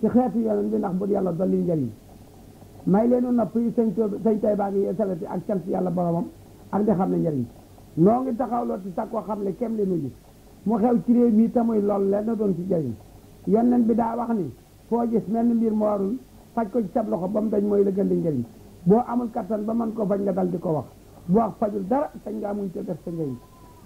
ci xeetu yonent bi ndax bu yàlla dolli njëriñ may leenu nopp yi sëñ sëñ tay baa ngi yeesalati ak cant yàlla boromam ak di xam ne njëriñ noo ngi taxawloo ti sax koo xam ne kem leen nu gis mu xew ci réew mi tamuy lool lenn doon ci njëriñ yonent bi daa wax ni foo gis menn mbir mu warul faj ko ci sab loxo ba dañ mooy la gën di njëriñ boo amul kattan ba man ko faj nga dal di ko wax bu wax fajul dara sañ nga muñ te def sa njëriñ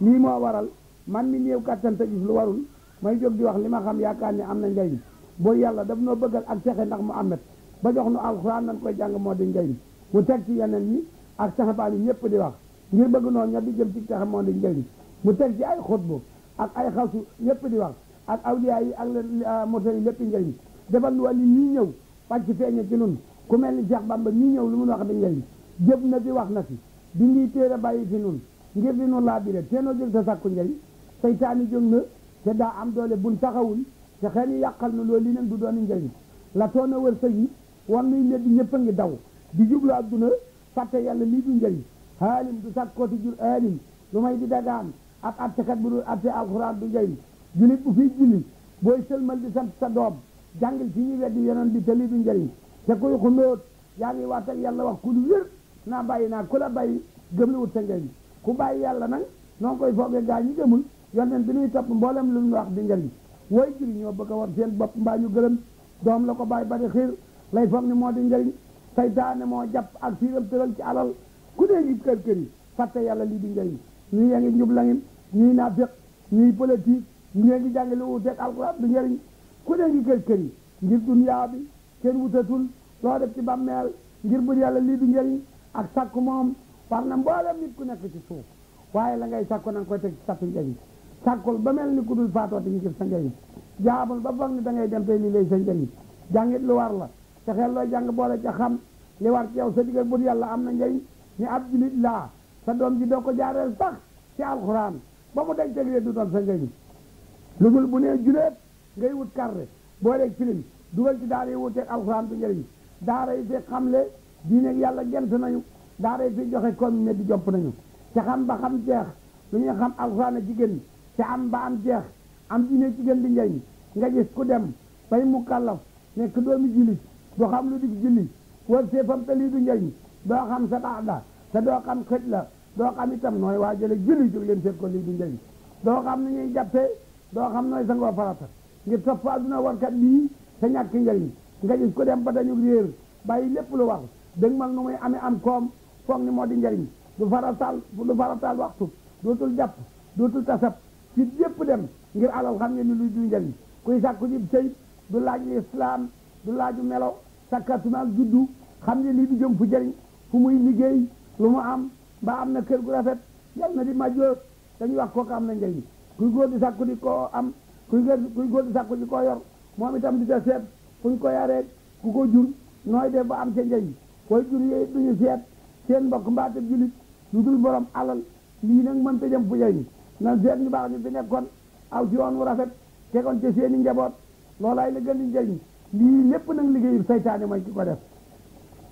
lii moo waral man mi néew kattan te gis lu warul may jóg di wax li ma xam yaakaar ni am na njëriñ booy yàlla daf noo bëggal ak texe ndax Muhammad ba jox nu alxuraan nañ koy jàng moo di njëriñ mu teg ci yeneen yi ak saxabaan yi ñëpp di wax ngir bëgg noonu ña di jëm ci texe moo di njëriñ mu teg ci ay xutbu ak ay xasu ñëpp di wax ak awliya yi ak la ah, morsal yi ñëpp di njëriñ defal nu wàllu ñii ñëw pàcc feeñe ci nun ku mel ni Cheikh Bamba ñii ñëw lu mun wax di njëriñ jëb na fi wax na fi di ngi téere bàyyi fi nun ngir di nu laa bire teenoo jël sa sàkku njëriñ seytaan yi jóg na te daa am doole buñ taxawul ci xel yi yàqal na loolu li leen du doon njëriñ la toona wërsëg yi war nañ ne di ñëpp a ngi daw di jublu adduna fàtte yàlla lii du njëriñ xaalim du sat kooti jul aalim lu di dagaan ab attekat bu dul atte alxuraan du njëriñ julit bu fiy julli booy sëlmal di sant sa doom jàngil ci ñuy weddi yonoon bi te lii du njëriñ te koy xumóot yaa ngi waat ak yàlla wax ku lu wér naa bàyyi naa ku la bàyyi gëm la wut sa njëriñ ku bàyyi yàlla nag noo koy foogee gaa ñi gëmul yonent bi nuy topp mboolem lu mu wax di way julli ñoo bëgg a war seen bopp mbaa ñu gërëm doom la ko bàyyi ba di xiir lay foog ni moo di saytaane moo jàpp ak siiram tëral ci alal ku dee ngi kër kër yi fàtte yàlla lii di njëriñ ñii yaa ngi njub langim ñii naafiq ñii politique ñii ngi jàng lu wuteeg alxuraan du njëriñ ku dee ngi kër kër yi ngir dunyaa bi kenn wutatul loo def ci bàmmeel ngir bu yàlla lii du njëriñ ak sàkku moom war na mboolem nit ku nekk ci suuf waaye la ngay sàkku na nga koy teg ci sàkku sàkkul ba mel ni ku dul faatooti ngir sa njëriñ jaabul ba foog ni da ngay dem tey lii lay sa njëriñ jàngit lu war la te xel looy jàng boole ca xam li war ci yow sa diggal bur yàlla am na njëriñ ni ab julit laa sa doom ji doo ko jaareel si ci alxuraan ba mu daj teg du doon sa njëriñ lu dul bu nee juleet ngay wut karre booleeg film dugal ci daara yi wuteeg alxuraan du njëriñ daara yi fi xamle diineeg yàlla gent nañu daara yi fi joxe comme ne di jopp nañu ci xam ba xam jeex lu ñuy xam alxuraan a jigéen te am ba am jeex am diine ci gën di njëriñ nga gis ku dem bay mu kàllaf nekk doomi julli doo xam lu dig julli war seefam te lii du njëriñ doo xam sa baax la te doo xam xëj la doo xam itam nooy waajale julli jóg leen seet ko lii du njëriñ doo xam nu ñuy jàppee doo xam nooy sangoo farata ngir topp adduna warkat bii te ñàkk njëriñ nga gis ku dem ba dañu réer bàyyi lépp lu wax dëgg mal nu muy am koom foog ni moo di njëriñ du farataal du farataal waxtu dootul jàpp dootul tasab ci yépp dem ngir alal xam ngeen ni luy duy njëriñ kuy sàkku jib sëy du laaj lislaam du laaju melo sakkatuma ak juddu xam ne lii du jëm fu jëriñ fu muy liggéey lu mu am ba am na kër gu rafet yal na di majjoor dañuy wax kooku am na njëriñ kuy góor di sàkku di koo am kuy kuy góor di sàkku di koo yor moom itam di ta seet kuñ ko yaree ku ko jur nooy def ba am ca njëriñ koy jur yooyu duñu seet seen mbokk mbaatab julit lu dul borom alal lii nag mënta jëm fu jëriñ na seet ñu baax ñu fi nekkoon aw ci yoon wu rafet tegoon ci seeni njaboot loolaay la gën di njëriñ lii lépp nag liggéeyu saytaane mooy ki ko def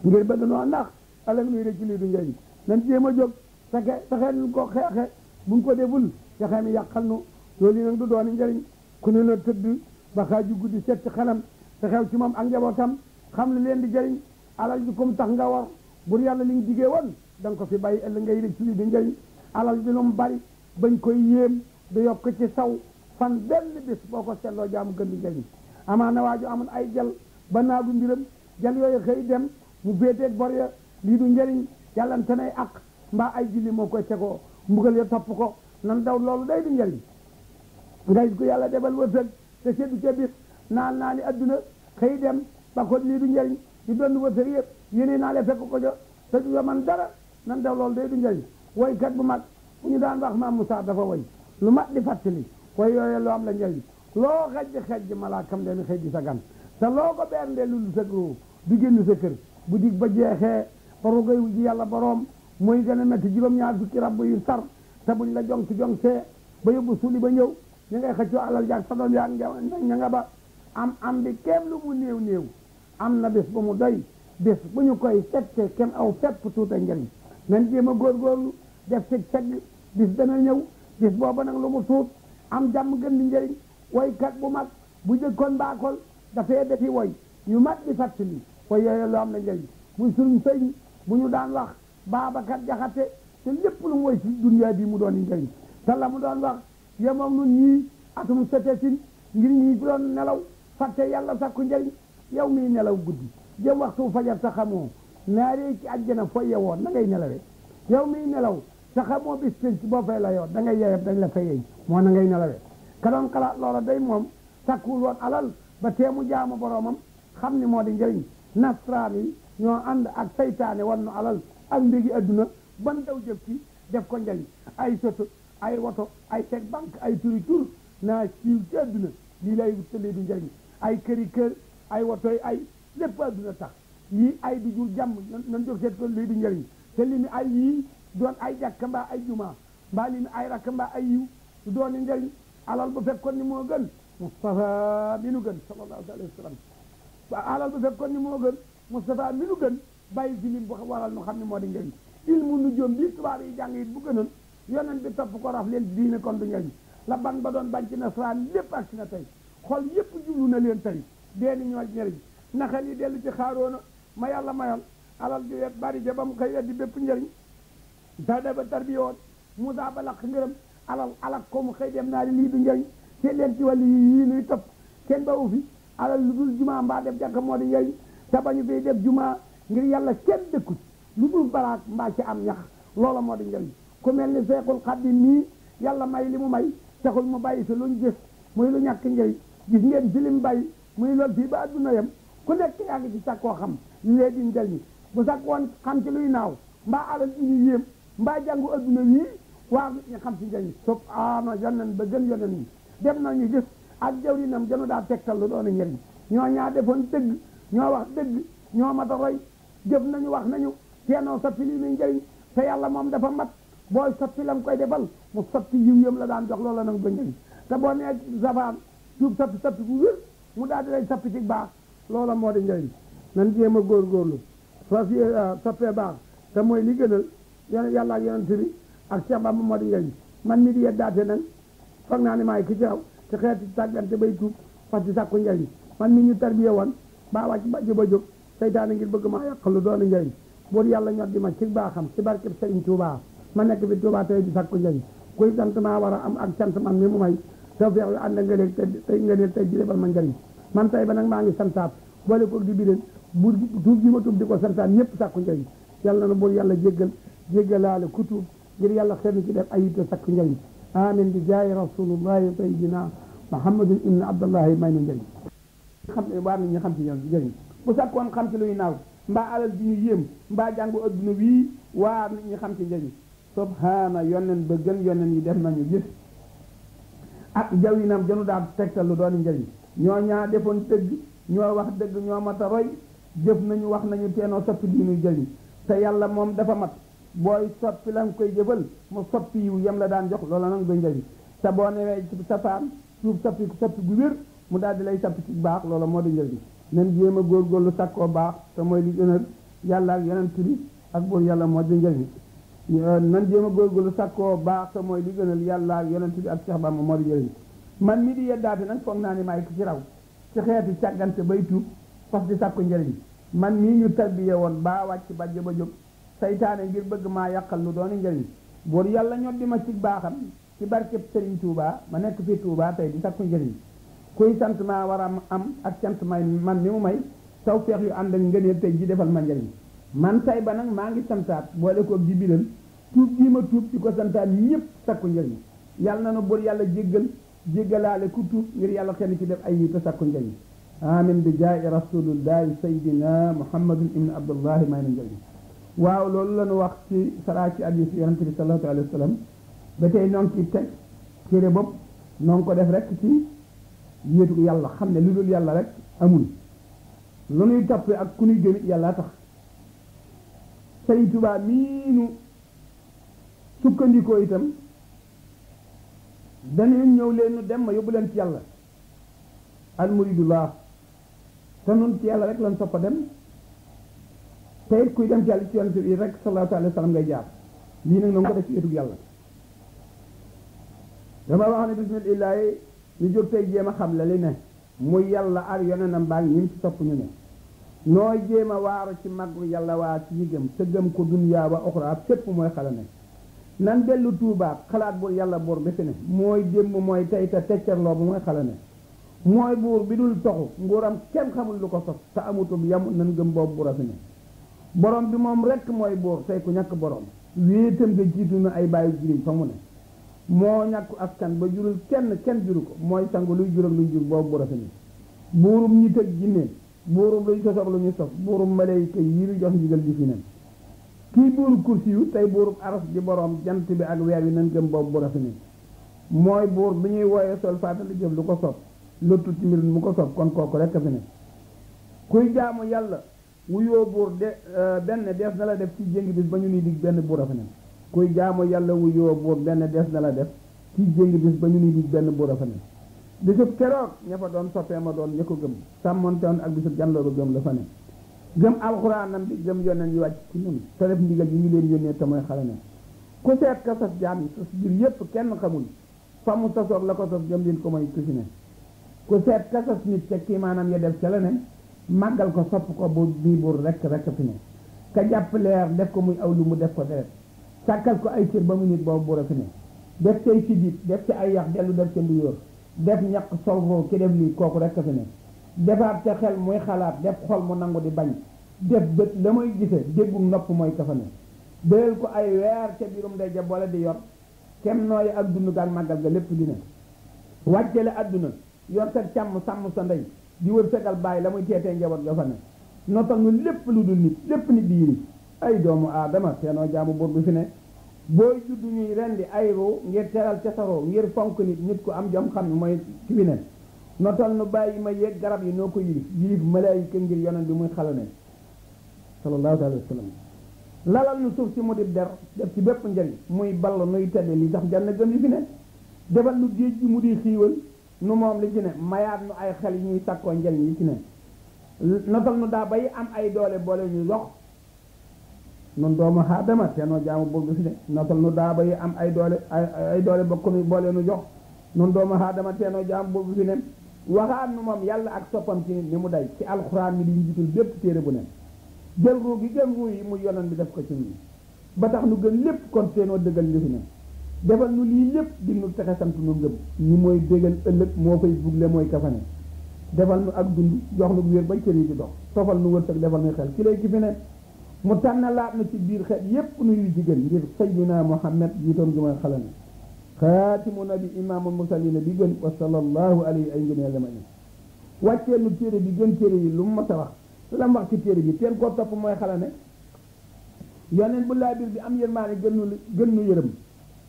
ngir bëgg noo nax ëllëg nuy rëcc lii du njëriñ nan jéem a jóg fexe fexe nu ko xeexe buñ ko deful fexe mi yàqal nu loolu yi nag du doon njëriñ ku ne la tëdd ba xaaju guddi seet ci xelam te xew ci moom ak njabootam xam lu leen di jëriñ alal ji kum tax nga war bur yàlla li ñu digee woon da ko fi bàyyi ëllëg ngay rëcc lii du njëriñ alal mu bari bañ koy yéem du yokk ci saw fan benn bis boo ko seetloo jaamu gën di jëriñ amaana waaju amoon ay jal ba naa du mbiram jal yooyu xëy dem mu béeteeg bor ya lii du njëriñ yàllante nay ak mbaa ay julli moo koy tegoo mbugal ya topp ko nan daw loolu day du njëriñ nga ko yàlla debal wërsëg te seddu ca bis naan naa ni adduna xëy dem ba ko lii du njëriñ ñu doon wërsëg yëpp yéene ko jo te du man dara nan daw loolu day du njëriñ woykat bu mag bu ñu daan wax maam Moussa dafa way lu mat di fàttali way yooyu lu am la njëriñ loo xajj xajj malaakam leen xëy di sa gan te loo ko berndee lu dul sa gro du génn sa bu dig ba jeexee baru goy ji yàlla boroom mooy gën a métti juróom-ñaar fukki rabb yu sar te buñ la jonk jonksee ba yóbbu suuli ba ñëw ñu ngay xëccoo alal jaag sa doom yaag ña nga ba am am bi kenn lu mu neew néew am na bés ba mu doy bés bu ñu koy settee kenn aw fépp tuuta njëriñ nañ jéem a góorgóorlu def ci bis dana ñëw bis booba nag lu mu tuut am jàmm gën di way woykat bu mag bu jëkkoon baakol dafay defi woy ñu mag di fàttali woy yooyu lu am na njëriñ muy suñu sëñ bu ñu daan wax Babacar Jaxate te lépp lu mu woy ci bi mu doon i njëriñ te la mu doon wax yemoom nun ñii atum setetin ngir ñi doon nelaw fàtte yàlla sakku njëriñ yow mi nelaw guddi jëm waxtu fajar sa xamoo naaree ci àjjana fooy yewoon na ngay nelawee yow mii nelaw te xamoo bis penc boo fay la yoon da ngay yeeyam dañ la fay yeñ moo na ngay nelawee ka doon xalaat loola day moom sàkkuwul woon alal ba teemu jaamu boroomam xam ni moo di njëriñ nasraan ñoo ànd ak saytaane wan nu alal ak mbigi adduna ban daw jëf ci def ko njëriñ ay soto ay woto ay teg banque ay turi tur naa siiw ci adduna lii lay wut lii du njëriñ ay këri kër ay wotoy ay lépp adduna tax yii ay du jur jàmm nan jóg seet ko lii du njëriñ te li mi ay doon ay jàkka mbaa ay juma mbaa li ay rakk mbaa ay yiw du doon njëriñ alal bu fekkoon ni moo gën Moustapha gën sallallahu alayhi wa sallam alal bu fekkoon ni moo gën Moustapha mi nu gën bàyyi fi lim bu waral nu xam ne moo di njëriñ ilmu nu jëm bi yi jàng it bu gënoon yonent bi topp ko raf leen diine kon du njëriñ la ban ba doon bañ ci nasaraan lépp ak si na tey xol yépp jublu na leen tey deeni ñoo na naxal yi dellu ci xaaroona ma yàlla mayal alal ju wet bari ja ba mu koy weddi bépp njëriñ sada ba tarbiyoon Moussa ba laq ngërëm alal alal comme xëy dem naa lii du njëriñ seet leen ci wàllu yii nuy topp kenn bawu fi alal lu dul juma mbaa def jàkka moo di njëriñ te bañu fiy def juma ngir yàlla kenn dëkkut lu dul baraak mbaa ci am ñax loola moo di njëriñ ku mel ni Seexul Xadiim nii yàlla may li mu may taxul mu bàyyi fi luñ gis muy lu ñàkk njëriñ gis ngeen fi lim bay muy loolu fii ba adduna yam ku nekk yaa ngi ci sàkkoo xam li lee di njëriñ bu sàkkoon xam ci luy naaw mbaa alal mbaa jàngu adduna wii waa nit ñi xam si njëriñ subhaana yonen ba gën yonen yi dem ñu gis ak jawrinam janu daa tegtal lu doon a njëriñ ñoo ñaa defoon dëgg ñoo wax dëgg ñoo mat a roy jëf nañu wax nañu teenoo soppi lii muy njëriñ te yàlla moom dafa mat booy soppi lam koy defal mu soppi yiw la daan jox loola nag ba njëriñ te boo nee safaan tuub soppi soppi bu wér mu daal di lay soppi baax loola moo di njëriñ nan jéem a góorgóorlu fas ah, soppee baax te mooy li gënal yonent yàlla ak yonent bi ak Cheikh Bamba moo di njëriñ man mi di yeddaate nag foog naa ne maay ki ci raw ci xeeti tàggante bay tuub fas ci sàkku njëriñ man mi ñu tarbiye woon ba wàcc ba jëba jóg seytaane ngir bëgg maa yàq lu doon njëriñ buur yàlla ñor di ma ci baaxam ci barkeb Sëriñ Tuubaa ma nekk bi Tuubaa tey di sàkku njëriñ kuy sant maa war a am ak sant man mi mu may taw feex yu ànd a ngëneel te tey ngëneel ma njëriñ man tey ba nag maa ngi santaat boole koog di biréen bu tuub ji ma tuub di ko santaat ñëpp sàkku njëriñ yàlla na buur yàlla jéggal jéggalaale ku tuub ngir yàlla xeer na ci def ayib te sakk njëriñ amin bi jaayi rasulullahi sayyidina muhammadin ibn abdullahi may na njëriñ xam ne waar nañ ñu xam ci ñoom njëriñ bu sakkoon xam ci luy naaw mbaa alal ji ñu yéem mbaa jàngu adduna wii waar nañ ñu xam ci njëriñ subhaana yonen ba gën yonen yi def nañu gis ak jaw yi nam janu daal tegtal lu doon njëriñ ñoo ñaa defoon dëgg ñoo wax dëgg ñoo mat a roy jëf nañu wax nañu teenoo sopp diinu jëriñ te yàlla moom dafa mat booy soppi la koy jëfal mu soppi yiw yem la daan jox loola nag doy njëriñ te boo newee ci safaan suuf soppi soppi gu mu daal di lay soppi ci baax loola moo di njëriñ nan jéem a góorgóorlu sakkoo baax te mooy li gënal yàlla ak yonent bi ak buur yàlla moo di njëriñ euh, nan jéem a góorgóorlu sakkoo baax te mooy li gënal yàlla ak yonent bi ak Cheikh Bamba moo di njëriñ man mii di yeddaate nag foog naa ni maay ki ci raw ci xeeti càggante bay tuub fas di sàkku njëriñ man mii ñu tarbiye woon baa wàcc bàjj ba jóg saytaane ngir bëgg maa yàqal lu doon njëriñ buur yàlla di ma ci baaxam ci barkeb sëriñ Touba ma nekk fii Touba tey di sakku njëriñ kuy sant maa war a ma am ak sant may man mi mu may taw feex yu ànd ak ngëneel tey ji defal ma njëriñ man tay ba nag maa ngi santaat boole koog ji biral tuub gii ma tuub ci ko santaat ñëpp sakku njëriñ yàlla na nu buur yàlla jéggal jéggalaale ku tuub ngir yàlla kenn ci def ay yi te sakku njëriñ amin bi jaay rasulillahi sayyidina muhammadun ibnu abdullahi may na njëriñ waaw loolu la ñu wax ci saraa ci hadiis yonente bi sallallahu alayhi wa sallam tey noo ngi teg téere bopp noo ko def rek ci yéetu yàlla xam ne lu dul yàlla rek amul lu nuy toppee ak ku nuy gëmit yàlla tax Sëriñ Tuubaa miinu sukkandikoo itam dañuy ñëw leen dem ma yóbbu leen ci yàlla al muridullah te nun ci yàlla rek lan soppa dem tey kuy dem jàll ci yonent bi rek sallallahu alayhi wa sallam ngay jaar lii nag na ko def ci wetug yàlla wax ne bismillah ñu jóg tey jéem a xam la li ne muy yàlla ak yonenam baa ngi ñim ci topp ñu ne noo jéem a waaru ci maggu yàlla waa ci ñi gëm te gëm ko dunyaa wa oxra fépp mooy xala ne nan dellu tuubaat xalaat buur yàlla buur bi fi ne mooy démb mooy tey te teccarloo bu mooy xala ne mooy buur bi dul toxu nguuram kenn xamul lu ko sos te amutum yamu nan gëm boobu buur fi ne borom bi moom rekk mooy buur tey ku ñàkk borom wéetam nga jiitu na ay bàyyi jiriñ fa mu ne moo ñàkku askan ba jurul kenn kenn juru ko mooy sangu luy jural luy jur boobu bu rafet ni buurum ñi tëg jinneen buurum luy sosoog lu ñu sof buurum malayka yi lu jox ndigal di fi nen kii buuru kursi yu tey buurub aras di borom jant bi ak weer yi nan gëm boobu bu rafet ni mooy buur bi ñuy wooyee sol faatali jëf lu ko sopp lottu ci mu ko sopp kon kooku rekk fi ne wuyoo buur de euh, benn dees na la def ci jéng bis ba ñu ni dig benn buur a fa ne kuy jaamu yàlla wuyoo buur benn dees na la def ci jéng bis ba ñu ni dig benn buur a fa ne bisub keroog ña fa doon soppee ma doon ña ko gëm sàmmontewoon ak bisub janlooru gëm la fa ne gëm alxuraanam bi gëm yoneen yi wàcc ci nun te def ndigal yi ñu leen yónnee te mooy xale ne ku seet ka saf jaam yi saf biir yépp kenn xamul fa mu sasoog la ko saf jëm leen ko mooy tusi ne ku seet ka saf ca kii màggal ko sopp ko bu bii buur rek rek fi ne ka jàpp leer def ko muy aw lu mu def ko deret sàkkal ko ay cër ba mu nit boo buur a fi ne def say sidit def ci ay yax dellu def ca nduyóor def ñaq solvoo ki def lii kooku rek fi ne defaat ca xel muy xalaat def xol mu nangu di bañ def bët la muy gise déggu nopp mooy ka fa ko ay weer ca biirum ndey ja boole di yor kem nooye ak dund ak màggal ga lépp dina wàccale àdduna yor sa càmm sàmm sa ndey di wër fegal bàyyi la muy teetee njaboot ga fa ne notal nu lépp lu dul nit lépp nit di yilif ay doomu aadama seenoo jaamu buur bi fi ne booy juddu ñuy rendi ay ruu ngir teral ca saroo ngir fonk nit nit ko am jom xam mooy ki fi ne notal nu bàyyi ma yéeg garab yi noo ko yilif yilif malaayika ngir yonent bi muy xalone sallallahu alayhi wa sallam lalal nu suuf si mu di der def ci bépp njëriñ muy ball nuy tedd li tax jànn gën yi fi ne defal nu géej gi mu di xiiwal nu moom li ci ne mayaat nu ay xel yi ñuy takkoo njëriñ yi ci ne notal nu daa bay am ay doole boole ñu dox nun doomu aadama te noo jaamu bëgg fi daa bay am ay doole ay doole bokk nu boole nu jox nun doomu aadama te noo jaamu bëgg fi ne waxaat nu moom yàlla ak soppam ci li mu day ci alxuraan mi di njiitul bépp téere bu ne jël ruu gi gën ruu yi mu yonan bi def ko ci ñun ba tax nu gën lépp kon teenoo dëggal li fi ne defal nu lii lépp di nu texe sant nu ngëm ni mooy bégal ëllëg moo fay bugle mooy kafane defal nu ak dund jox nu wér bay cër yi di dox sofal nu wërsëg defal nu xel ki lay ki fi ne mu tànn laat na ci biir xeet yépp nuyu jigéen ngir sayyidina Muhammad jiitoon gi mooy xalane xaatimu nabi imaamul mursalina bi gën wa sallallahu alayhi ay ngëneel dama in wàccee nu téere bi gën téere yi lu mu mas a wax lam wax ci téere bi teen koo topp mooy xalane yoneen bu laa biir bi am yërmaane gën nu gën nu yërëm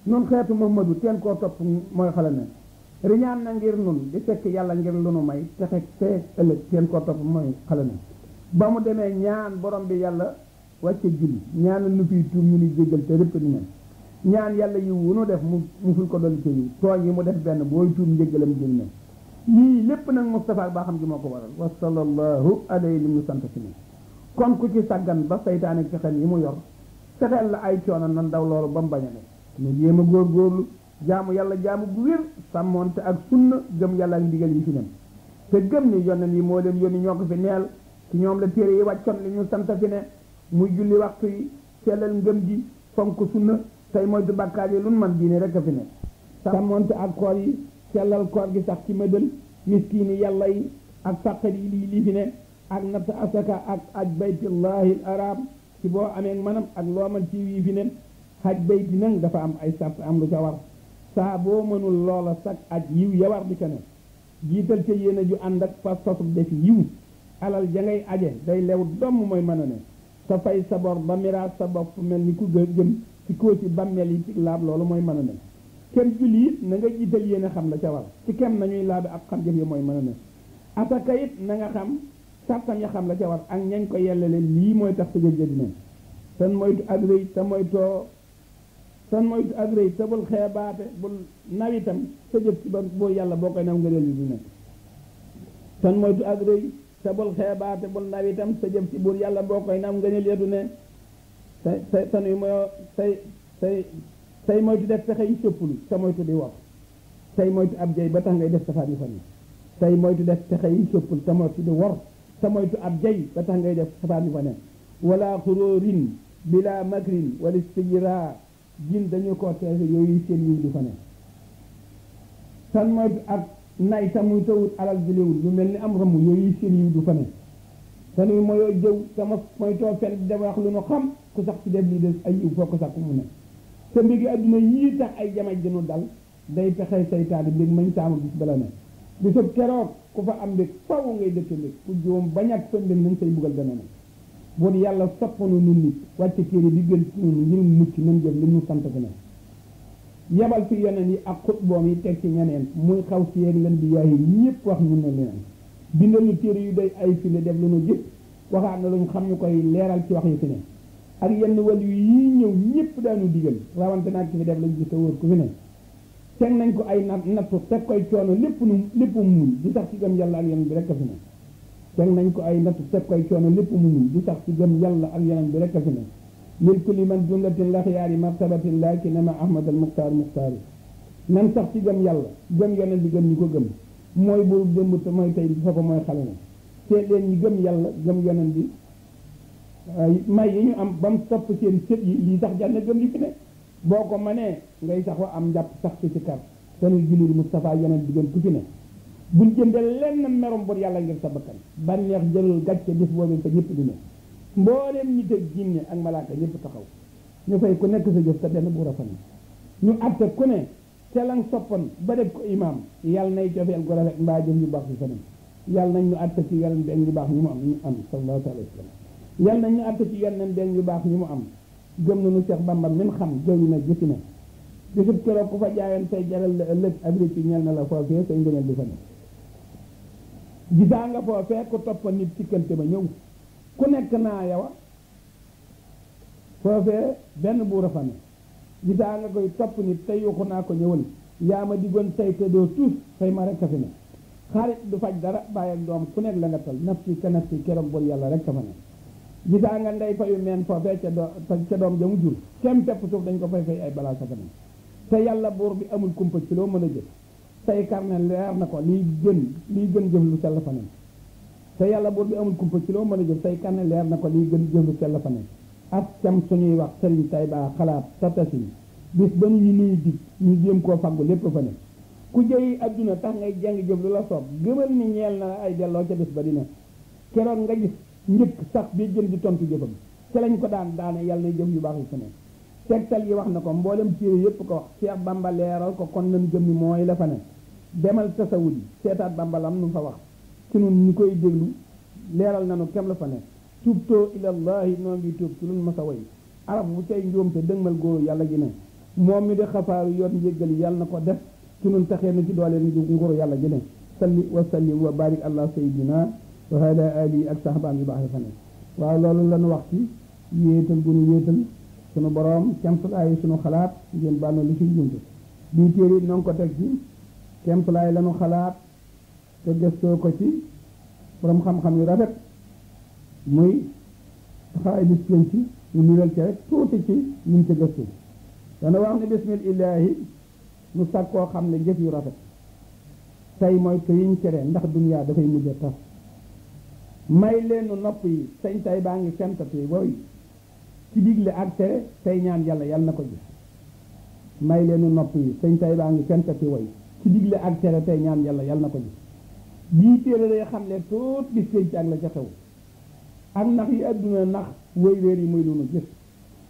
nun xeetu Muhammadu teen koo topp mooy xale ne riñaan na ngir nun di fekk yàlla ngir lu nu may te fekk fee ëllëg teen koo topp mooy xale ne ba mu demee ñaan borom bi yàlla wàcce julli ñaan nu fii tuub ñu ni jéggal te lépp ni ñaan yàlla yi wunu def mu mu ko doon ci yi tooñ yi mu def benn booy tuub njéggalam jël ne yii lépp nag Moustapha baa xam gi moo ko waral wa sallallahu alayhi li mu sant si ni kon ku ci sàggan ba saytaane ci yi mu yor fexeel la ay coono nan daw loolu ba mu bañ na jéem a góorgóorlu jaamu yàlla jaamu bu wér sàmmoonte ak sunna gëm yàlla ak ndigal yi fi nen te gëm ni yonent yi moo leen yónni ñoo ko fi neel ci ñoom la téere yi wàccoon li ñu sant fi ne muy julli waxtu yi sellal ngëm ji fonk sunna tey moytu bàkkaar yi lu man diine rek a fi ne sàmmoonte ak koor yi sellal koor gi sax ci ma mëdal miskiini yàlla yi ak sàqat yi lii lii fi ne ak natt asaka ak aj baytullahi al araam ci boo amee manam ak loo man ci xaj bay di nag dafa am ay sart am lu ca war saa boo mënul loola sag aj yiw ya war di ca ne jiital ca yéene ju ànd ak fas fasub def yiw alal ja ngay aje day lew doom mooy mën a ne sa fay sa bor ba miraas sa bopp mel ni ku gëm ci koo ci yi ci laab loolu mooy mën a ne kem julli it na nga jiital yéene xam la ca war ci kem nañuy laabe ak xam jëf yi mooy mën a ne asaka it na nga xam sartam ya xam la ca war ak ñañ ko yellale lii mooy tax sa jëf ja dina ten moytu ak rëy te moytoo tan moytu ak rëy te bul xeebaate bul naw itam sa jëf ci ba boo yàlla boo koy naw nga réel yi du nekk tan moytu ak rëy te bul xeebaate bul naw itam sa jëf si buur yàlla boo koy naw nga réel yi du ne sa sa tan yu moyo say say say moytu def pexe yu cëppul te moytu di wax say moytu ab jay ba tax ngay def safaat yu fan yi say moytu def pexe yu cëppul te moytu di wor te moytu ab jay ba tax ngay def safaat yu fa ne wala xuróorin bila makrin wala istijraa jin dañu ko teese yooyu seen yiw di fa ne tan mooy ak nay ta muy tawut alal bi lu mel ni am ramu yooyu seen yiw du fa ne tanuy mooyoo jëw sama mooy too fen di def wax lu nu xam ku sax ci def lii des ay yiw foo ko sax ku mu ne te mbigi adduna yii tax ay jamaj dinu dal day pexe seytaane mbig mañ saamu bis bala ne bisub keroog ku fa am mbég faw ngay dëkk mbég ku juum bañ ak sa mbég nañ say bugal dana bon yàlla soppanu nun nit wàcce téere bi gën ci nun ngir mucc nan jëf li mu sant ko ne yebal fi yeneen yi ak boom yi teg ci ñeneen muy xaw si yeeg leen bi yaayi ñëpp wax ñu ne leneen bindal ñu téere yu doy ay file def lu nu jëpp waxaat na lu ñu xam ñu koy leeral ci wax yu fi ne ak yenn wàll yu yii ñëw ñëpp daanu digal rawante naa ci fi def lañ gis te wóor ku fi ne teg nañ ko ay na nattu teg koy coono lépp nu lépp muñ di sax ci gëm yàlla ak yenn bi teg nañ ko ay nattu teg koy coono lépp mu ñu du sax ci gëm yàlla ak yeneen bi rek a fi ne min kulli man jumlatin laxiyaari martabatin laakina ma ahmad al muxtaar muxtaari nan sax ci gëm yàlla gëm yeneen bi gëm ñi ko gëm mooy bu démb mooy tey foofa mooy xale na seet leen ñi yàlla gëm yeneen bi may yi ñu am ba mu topp seen sët yi lii sax jànn gëm li fi ne boo ko mënee ngay sax wa am njàpp sax ci si kar seen jullit Moustapha yeneen bi gëm ku fi ne bul jënde lenn merom bur yàlla ngir sa bakkan bànneex jëlul gàcce bis boobu fa ñëpp di ne mbooleem ñi teg jinne ak malaaka ñëpp taxaw ñu fay ku nekk sa jëf ko benn bu rafet ñu atte ku ne ca lan ba def ko imaam yàlla nay cofeel gu rafet mbaa jëf yu baax si feneen yàlla nañ ñu atte ci yonent bi ñu baax ñu mu am ñu am sallallahu alayhi wa sallam yàlla nañ ñu atte ci yonent bi yu baax ñu mu am gëm nañu Cheikh Bamba min xam jëwi na jëfi na bisub keroog ku fa jaayoon tey jaral la ëllëg abri ci ñel na la foofee say ngëneel di gisaa nga foofee ku topp nit sikkante ba ñëw ku nekk naa yawa foofee benn buur a fa ne gisaa nga koy topp nit te yuuxu naa ko ñëwal yaa ma diggoon tey te doo tuus fay ma rekk a fi ne xarit du faj dara bàyyi doom ku nekk la nga tal nafsi ka nafsi keroog bur yàlla rekk a fa ne gisaa nga ndey fayu meen foofee ca doom ca doom jamu jur kem pepp suuf dañ ko fay fay ay balaa sa kanam te yàlla buur bi amul kumpa ci loo mën a jëf say carnet leer na ko liy gën liy gën jëf lu sell fa ne te yàlla buur bi amul kumpa ci loo mën a jël say carnet leer na ko liy gën jëf lu sell fa ne ak cam suñuy wax sëriñ tay baa xalaat sartasin bis ba ñu nuy dig ñu jéem koo faggu lépp fa ne ku jëyi adduna tax ngay jàng jëf lu la soob gëmal ni ñeel na ay delloo ca bis ba dina keroog nga gis njëkk sax bi jën di tontu jëfam ca lañ ko daan daane yàlla na jëf yu baax yi fa ne tegtal yi wax na ko mboolem téere yëpp ko wax Cheikh Bamba leeral ko kon nam jëmmi mooy la fa ne demal tasawul yi seetaat Bamba nu fa wax ci nun ñu koy déglu leeral nanu kem la fa ne tuubtoo ilallahi noo ngi tuub ci lun masa way arab bu cay njuum te dëgmal góoru yàlla gi moom mi di xafaaru yoon njéggal yàlla na ko def ci nun taxee na ci doole ni ngóoru yàlla gi ne salli wa sallim wa barik allah sayidina wa ala ali ak saxabaam yu baax la fa sunu boroom kemtulaayu sunu xalaat ngeen baal na lu ci jumtu bii téere yi noo ko teg ci yi lanu xalaat te gëstoo ko ci boroom xam-xam yu rafet muy taxawaay bis ci ñu niral ci rek tuuti ci ñu ci gëstu dana wax mu sàkk koo xam ne jëf yu rafet tey mooy te yiñ cere ndax duniyaa dafay mujj a tas may leenu nopp yi sañ tay baa ngi fentati woy ci digle ak tere tey ñaan yàlla yàlla na ko gis may leenu nopp yi sëñ tay baa ngi cant ci woy ci digle ak tere tey ñaan yàlla yàlla na ko gis bii téere day xam ne tuut gis pénc ak la ca ak nax yi adduna nax wéy wéer yi muy lu nu gis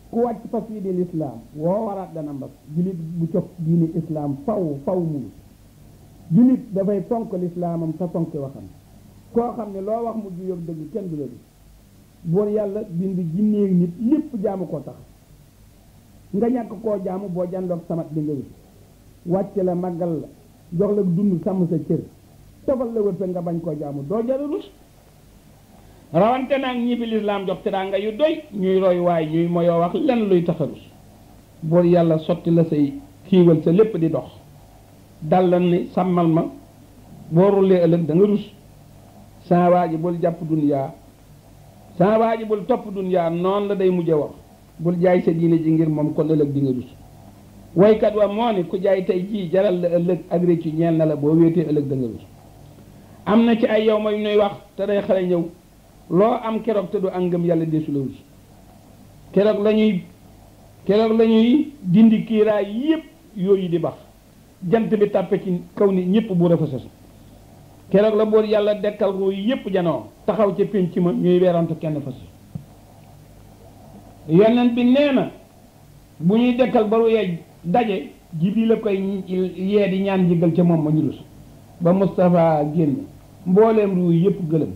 ku wàcc fas yi di lislaam woo waraat dana mbas jullit bu cof diine islaam faw faw mu jullit dafay fonk lislaamam te fonki waxam koo xam ne loo wax mu juyóg dëgg kenn du la gis boor yàlla bind jinneeg nit lépp jaamu koo tax nga ñàkk koo jaamu boo jàndoog samat li nga wut wàcce la màggal la jox la dund sàmm sa cër tofal la wërsëg nga bañ koo jaamu doo jarul rawante naag ñi bi lislaam jox teraanga yu doy ñuy roy ñuy moyoo wax lenn luy taxarus boor yàlla sotti la say xiiwal sa lépp di dox dal la ni sàmmal ma boo rulee ëllëg da rus saa waa ji bul jàpp duniyaa saa waa ji bul topp dunyaa noonu la day mujje wax bul jaay sa diine ji ngir moom kon ëllëg di nga rus woykat wa moo ni ku jaay tey jii jaral la ëllëg ak réccu ñeel na la boo wéetee ëllëg da nga am na ci ay yow ma yu nuy wax te day xale ñëw loo am keroog te du angam yàlla deesu la rus keroog la ñuy keroog lañuy ñuy dindi kiiraay yépp yooyu di bax jant bi tàppe ci kaw ni ñëpp bu rafet keroog la buur yàlla dekkal ruu yépp janoo taxaw ca ci ma ñuy weerantu kenn fas yonent bi nee na bu ñuy dekkal ba ruyee daje jibi la koy yee di ñaan jéggal ca moom ma ñu rus ba Moustapha génn mbooleem ruu yépp gëlëm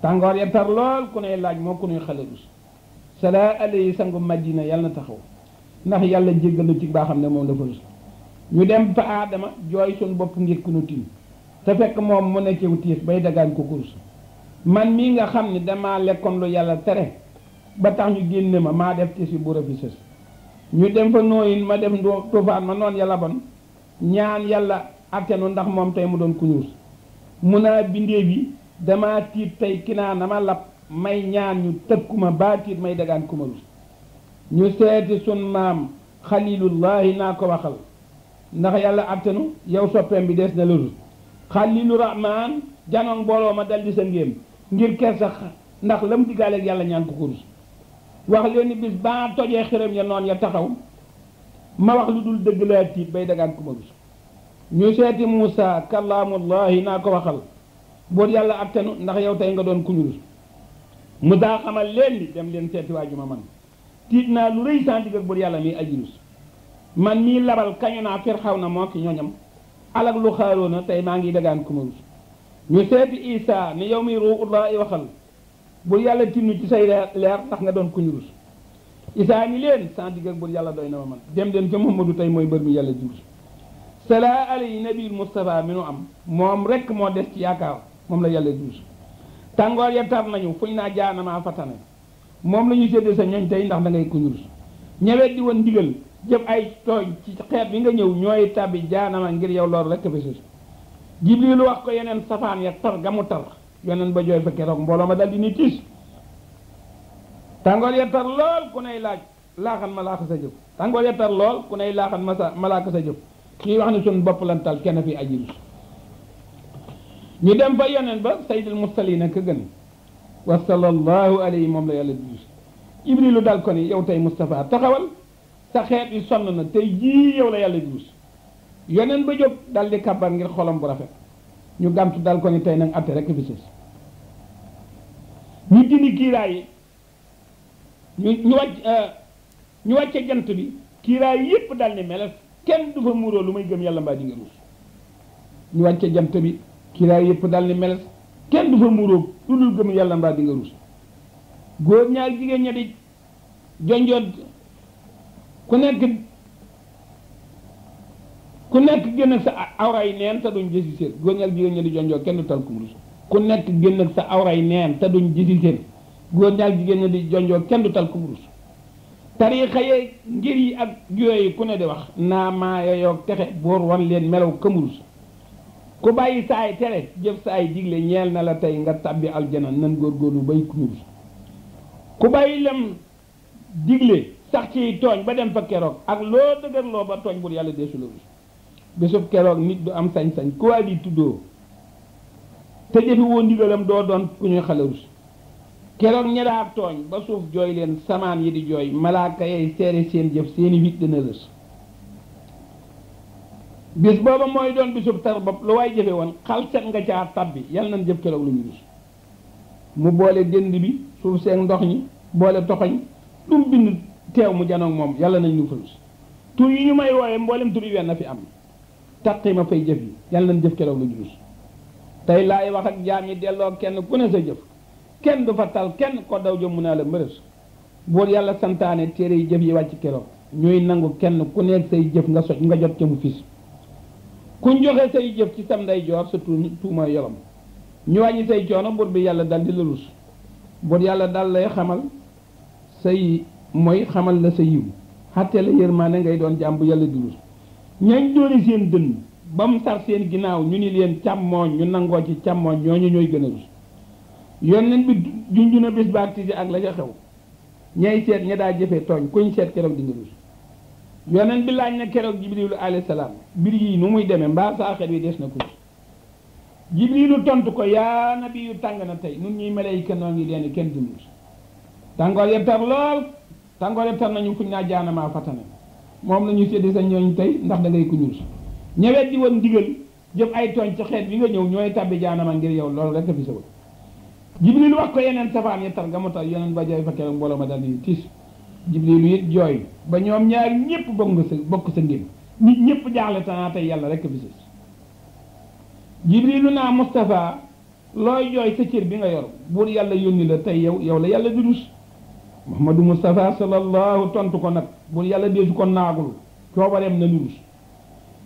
tàngoor ya tar lool ku ne laaj moo ku ne xale rus salaa alayhi sangu madina yàlla na taxaw ndax yàlla jéggal ci baa xam ne moom dafa rus ñu dem fa aadama jooy suñu bopp ngir ku nu tiim te fekk moom mu nekk ciw tiis bay dagaañ ko kurus man mii nga xam ni damaa lekkoon lu yàlla tere ba tax ñu génne ma maa def tiis yi bu rëbbi sës ñu dem fa nooyin ma dem tufaan ma noon yàlla bon ñaan yàlla attenu ndax moom tey mu doon ku ñuus mun naa bindee bi dama tiit tey kinaana ma lab may ñaan ñu ma baa tiit may dagaan ku ma rus ñu seeti sun maam xalilullahi naa ko waxal ndax yàlla attenu yow soppeem bi des na la rus lu rahman janoon mbooloo ma dal di sa ngéem ngir kersa ndax lam diggaaleeg yàlla ñaan ko ko rus wax leen ni bis baa tojee xërëm ya noon ya taxaw ma wax lu dul dëgg laa tiit bay dagaan ku ma rus ñu seeti Moussa kalaamullahi naa ko waxal boot yàlla attanu ndax yow tey nga doon ku ñu rus mu daa xamal leen ni dem leen seeti waaju ma man tiit naa lu rëy saa digg ak boot yàlla mi aji rus man mii labal kañu naa fir xaw na moo ki ñoñam alak lu xaaroona tey maa ngi dagaan ku ma wis ñu seeti isa ne yow mi ruu ullah ay waxal bul yàlla tinnu ci say leer ndax nga doon ku ñu rus isaa ni leen sans digg ak bul yàlla doy na ma man dem dem ca Muhammadu tey mooy mbër mi yàlla jur salaa yi nabiil Moustapha mi nu am moom rek moo des ci yaakaar moom la yàlla jur tàngoor ya tar nañu fuñ naa jaanamaa fatane moom la ñu séddee sa ñoñ tey ndax da ngay ku ñu rus ñëwet di woon ndigal jëm ay tooñ ci xeet bi nga ñëw ñooy tabbi jaanama ngir yow lool rekk bi sus jibril wax ko yeneen safaan ya tar ga mu tar yeneen ba jooy fekke roog mbooloo ma dal di ni tiis tàngoor ya tar lool ku ney laaj laaxan malaaka sa jëf tàngoor ya tar lool ku ney laaxan ma malaaka sa jëf kii wax ni suñ bopp lan tal kenn fi ajiru ñu dem fa yeneen ba saydul mursaliin a ka gën wa sallallahu alayhi moom la yàlla di jibrilu dal ko ni yow tey Mustafa taxawal sa yi sonn na te yii yow la yàlla di rus yeneen ba jóg dal di kàbbar ngir xolam bu rafet ñu gàmtu dal ko ni tey nag atte rek bi sës ñu dindi kiiraay yi ñu ñu wàcc euh, ñu wàcce jant bi kiiraay yépp dal ni melef kenn du fa muuroo lu may gëm yàlla mbaa di nga ruus ñu wàcce jant bi kiiraay yépp dal ni kenn du fa muuroo lu dul gëm yàlla mbaa di ruus góor ñaar jigéen ña di jonjoon ku nekk ku nekk génn ak sa awray neen te duñ gisi seen góor ñaar jigéen ñi jonjoo kenn du tal ku mu ku nekk génn ak sa awray neen te duñ gisi seen góor ñaar jigéen ñi di jonjoo kenn du tal ku mu tariixa yee ngir yi ak yooyu ku ne di wax naa maa texe boor wan leen melaw këmurus ku bàyyi saay tere jëf saay digle ñeel na la tey nga tàbbi aljana nan góorgóorlu bay kumurus ku bàyyi lem digle sax ci tooñ ba dem fa keroog ak loo dëgërloo ba tooñ bur yàlla deesu la bésub keroog nit du am sañ-sañ ku waa di tuddoo te jëfi woo ndigalam doo doon ku ñuy xalarus keroog ña daa tooñ ba suuf jooy leen samaan yi di jooy malaaka yay seere seen jëf seeni wit dina lës bis booba mooy doon bisub tar bopp lu waay jëfe woon xalset nga caa tabbi yàlla nañ jëf keroog lu ñu mu boole dënd bi suuf seeg ndox ñi boole toxoñ lu mu bind teew mu janoog moom yàlla nañ ñu fulus tur yi ñu may wooyee mboolem tur yi wenn na fi am taqi ma fay jëf yi yàlla nañ jëf keroog lu julus tey laay wax ak jaam yi delloo kenn ku ne sa jëf kenn du fa tal kenn ko daw jom mu naa la mbërës boo yàlla santaane téere yi jëf yi wàcc keroog ñuy nangu kenn ku nekk say jëf nga soj nga jot ca mu fis kuñ joxe say jëf ci sam ndeyjoor joor sa tuuma yolom ñu wàññi say coono buur bi yàlla dal di la buur yàlla dal lay xamal say mooy xamal la sa yiw xattee la yërmaane ngay doon jàmm bu yàlla di rus ñañ dooni seen dënn ba mu sar seen ginnaaw ñu ni leen càmmooñ ñu nangoo ci càmmooñ ñooñu ñooy gën a rus yonent bi junju na bis baak ak la ca xew ñay seet ña daa jëfee tooñ kuñ seet keroog di nga rus bi laañ na keroog jibrilu alayhi salaam mbir yi nu muy demee mbaa saa xet wi des na ko jibrilu tontu ko yaa nabi yu tàng na tey nun ñuy malayka noo ngi leen kenn du tàngoor yëpp tar lool tàngoor yëpp tar nañu fuñ naa jaanamaa fatane moom la ñu séddi sa ñooñ tey ndax da ngay ku ñuul ñëwet di woon ndigal jëf ay tooñ ci xeet bi nga ñëw ñooy tabbi jaanama ngir yow loolu rek a fi sawal jibril wax ko yeneen safaan ya tar nga mu tar yeneen ba jooy fakkee mbooloo ma dal di tiis jibril it jooy ba ñoom ñaar ñëpp bokk nga sa bokk sa ngir nit ñëpp jaaxle tanaa tey yàlla rek a fi sës jibrilu naa Moustapha looy jooy sa cër bi nga yor buur yàlla yónni la tey yow yow la yàlla di Muhammadu Moustapha sallallahu tontu ko nag bu yàlla deesu ko naagul coobareem na lurus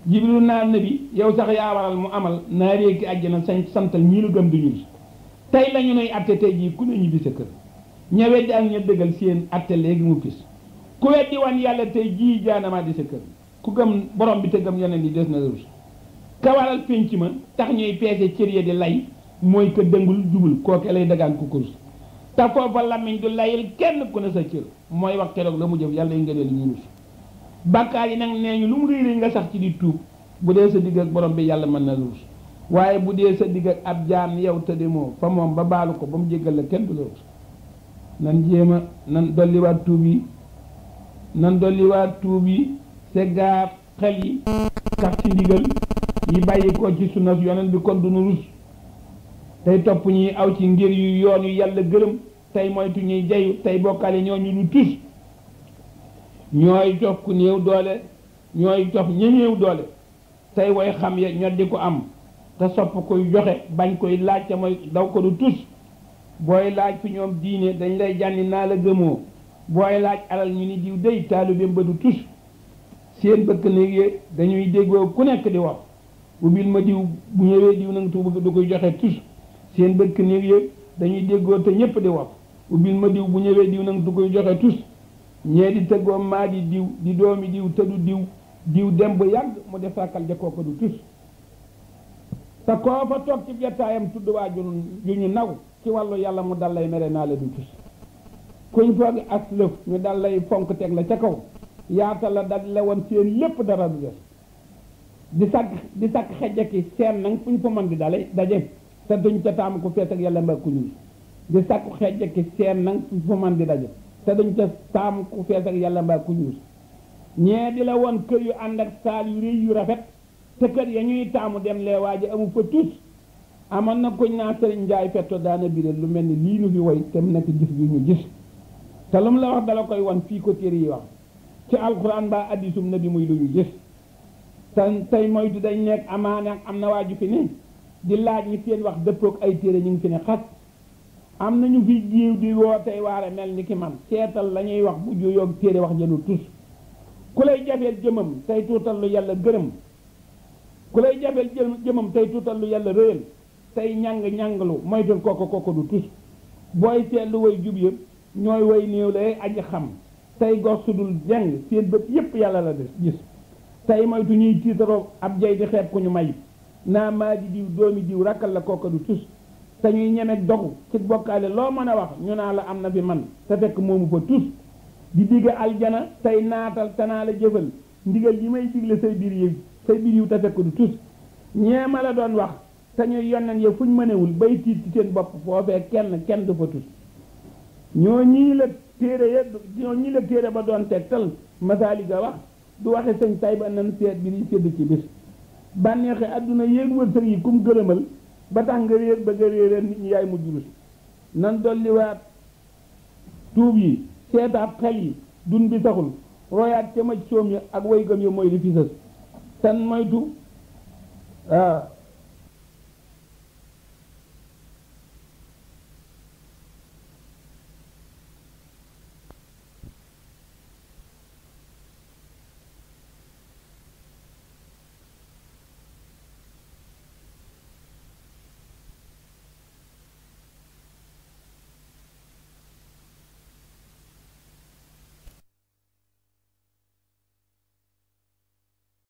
jibrilu naan nabi yow sax yaa mu amal naa réegi àjjana sañ santal ñii lu gëm duñu lus tey lañu nuy atte tey jii ku ne ñibbi sa kër ña weddi ak ña dëggal seen atte léegi mu fis ku weddi wan yàlla tey jii jaanamaa di sa kër ku gëm borom bi te gëm yeneen yi des na lurus kawaral pénc ma tax ñuy peese cër ya di lay mooy ko dëngul jubul kooke lay dagaan ku te foofa làmmiñ du layil kenn ku ne sa cër mooy wax keroog la mu jëf yàlla yi ngëneel ñu ngi fi yi nag nee ñu lu mu réy nga sax ci di tuub bu dee sa digg ak borom bi yàlla mën na ruus waaye bu dee sa digg ak ab jaam yow te demoo fa moom ba baalu ko ba mu jéggal la kenn du la ruus nan jéem a nan dolliwaat tuub yi nan dolliwaat tuub yi seggaab xel yi sax ci ndigal yi bàyyi ko ci sunna yonent bi kon du nu ruus tey topp ñuy aw ci ngir yu yoon yu yàlla gërëm tey moytu ñuy jayu tey bokkaale ñooñu lu tus ñooy jox ku néew doole ñooy jox ñi néew doole tey way xam ya ñor ko am te sopp koy joxe bañ koy laaj te mooy daw ko du tus booy laaj fi ñoom diine dañ lay jànni naa la gëmoo booy laaj alal ñu ni diw day taalibeem ba du tus seen bëkk néeg dañuy déggoo ku nekk di wax ubbil ma diw bu ñëwee diw nanga tu bëgg du koy joxe tus seen dëkk néeg yëpp dañuy déggoo ñëpp di wax ubbil ma diw bu ñëwee diw nag du koy joxe tus ñee di tëggoo maa di diw di doomi diw te du diw dem bu yàgg mu def sàkkal ja kooka du tus te koo fa toog ci jotaayam tudd waa ju ñu naw ci wàllu yàlla mu dal lay mere naa la du tus kuñ foog as lëf ñu dal lay fonk teg la ca kaw yaata la daj la woon seen lépp dara du des di sàkk di sàkk xejjaki seen nag fu ñu mën di dale daje te duñ ca taamu ku fees ak yàlla mbaa ku ñuul di sakku xeej ak seen nang fu man di daje te duñ ca taamu ku fees ak yàlla mbaa ku ñee di la woon kër yu ànd ak saal yu rëy yu rafet te kër ya ñuy taamu dem lee waaji amu fa tuut amoon na kuñ naa sëriñ njaay fetto daana biral lu mel ni lii nu fi woy te mu nekk gis gi ñu gis te lu mu la wax dala koy wan fii ko téere yi wax ci alxuraan ba addisum na bi muy lu ñu gis te tey moytu dañ nekk amaana am na waaju fi ne di laaj ñi seen wax dëppoog ay téere ñu ngi fi ne xas am ñu fi jiw di wootey waare mel ni ki man seetal la ñuy wax bu juyoog téere wax jëlu tus ku lay jafeel jëmam tey tuutal lu yàlla gërëm ku lay jafeel jëmam tey tuutal lu yàlla rëyal tey ñàng-ñànglu moytul kooku kooku du tus booy lu way jub yëpp ñooy way néew lay aji xam tey gor su dul jeng seen bët yépp yàlla la des gis tey moytu ñuy tiitaroo ab jay di xeeb ku ñu may naa maa ji diw doomi diw rakkal la kooka du tus te ñuy ñemeeg dogu ci bokkaale loo mën a wax ñu naa la am na fi man te fekk moomu fa tus di digga aljana tey naatal te naa la jëfal ndigal yi may digle say biir yi say biir yiw te fekk du tus ñeema la doon wax te ñuy yonneen ya fuñ mënewul bay tiit ci seen bopp foofee kenn kenn du fa tus ñoo ñii la téere ya ñoo ñii téere ba doon tegtal masaali ga wax du waxe sëñ tay ba nan seet bi di sédd ci bis bànneexe àdduna yéeg wërsëg yi kum gërëmal ba tax nga réer ba nga réeree nit ñi yaay mu jurus nan dolliwaat tuub yi seetaat xel yi dun bi saxul royaat ca maj soom ya ak woygam ya mooy li fi san moytu waaw ah,